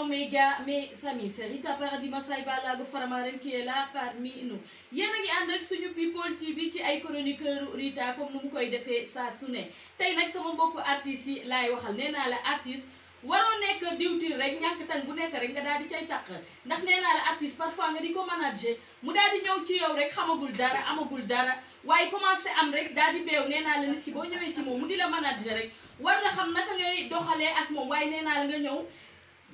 yow mi ga mi sami Sarita Paradis Massaye Balago Faramaren qui est là parmi nous yéen a ngi ànd ak suñu people TV ci ay chroniqueur Rita comme nu mu koy defee saa su ne tey nag sama mbokku artistes yi laay waxal nee naa la artiste waroo nekk diwtir rek ñàkk tan bu nekk rek nga daal di cay tàq ndax nee naa la artiste parfois nga di ko manager mu daal di ñëw ci yow rek xamagul dara amagul dara waaye commencé am rek daal di beew nee naa la nit ki boo ñëwee ci moom mu di la manager rek war nga xam naka ngay doxalee ak moom waaye nee naa la nga ñëw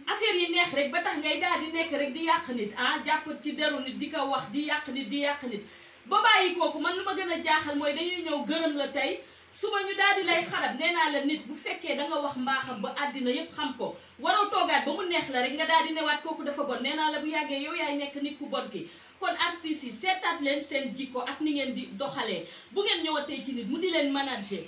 affaire yi neex rek ba tax ngay daal di nekk rek di yàq nit ah jàpp ci deru nit di ko wax di yàq nit di yàq nit ba bàyyi kooku man lu ma gën a jaaxal mooy dañuy ñëw gërëm la tey su suba ñu daal di lay xarab nee la nit bu fekkee danga wax mbaaxam ba àddina yépp xam ko waroo toogaat ba mu neex la rek nga daal di newaat kooku dafa bon neenaa naa la bu yàggee yow yaay nekk nit ku bon ki kon artistes yi seetaat leen seen jikko ak ni ngeen di doxalee bu ngeen ñëwatee ci nit mu di leen manager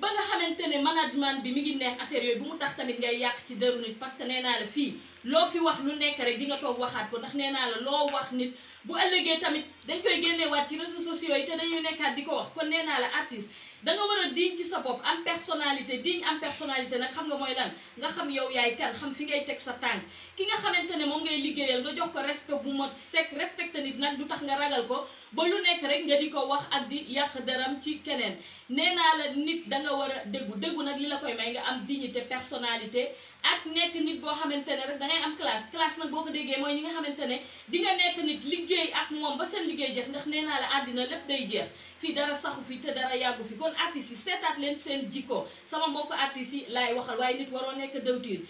ba nga xamante ne management bi mi ngi neex affaire yooyu bu mu tax tamit ngay yàq ci dëru nit parce que nee naa la fii loo fi wax lu nekk rek di nga toog waxaat ko ndax nee naa la loo wax nit bu ëllëgee tamit dañ koy génneewaat ci réseaux sociaux yi te dañuy nekkaat di ko wax kon nee naa la artiste da nga war a diñ ci sa bopp am personnalité diñ am personnalité nag xam nga mooy lan nga xam yow yaay kan xam fi ngay teg sa tànk ki nga xamante ne moom ngay liggéeyal nga jox ko respect bu mot sec respecté nit nag du tax nga ragal ko ba lu nekk rek nga di ko wax ak di yàq dërëm ci keneen nee naa la nit da nga war a déggu déggu nag li la koy may nga am dignité personnalité ak nekk nit boo xamante ne rek dangay am classe classe nag boo ko déggee mooy ñi nga xamante ne di nga nekk nit liggéey ak moom ba seen liggéey jeex ndax nee naa la àddina lépp day jeex fi dara saxu fi te dara yàggu fi kon artistes yi seetaat leen seen jikko sama mbokk artistes yi laay waxal waaye nit waroo nekk dëwtiir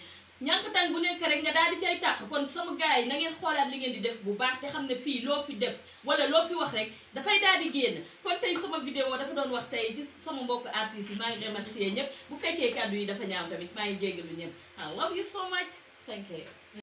ñànkatan bu nekk rek nga daal di cay tàq kon sama gars yi na ngeen xoolaat li ngeen di def bu baax te xam ne fii loo fi def wala loo fi wax rek dafay daal di génn kon tey sama vidéo dafa doon wax tey ci sama mbokk artistes yi maa ngi remercier ñëpp bu fekkee kàddu yi dafa ñaaw tamit maa ngi jéggalu ñëpp I love you so much thank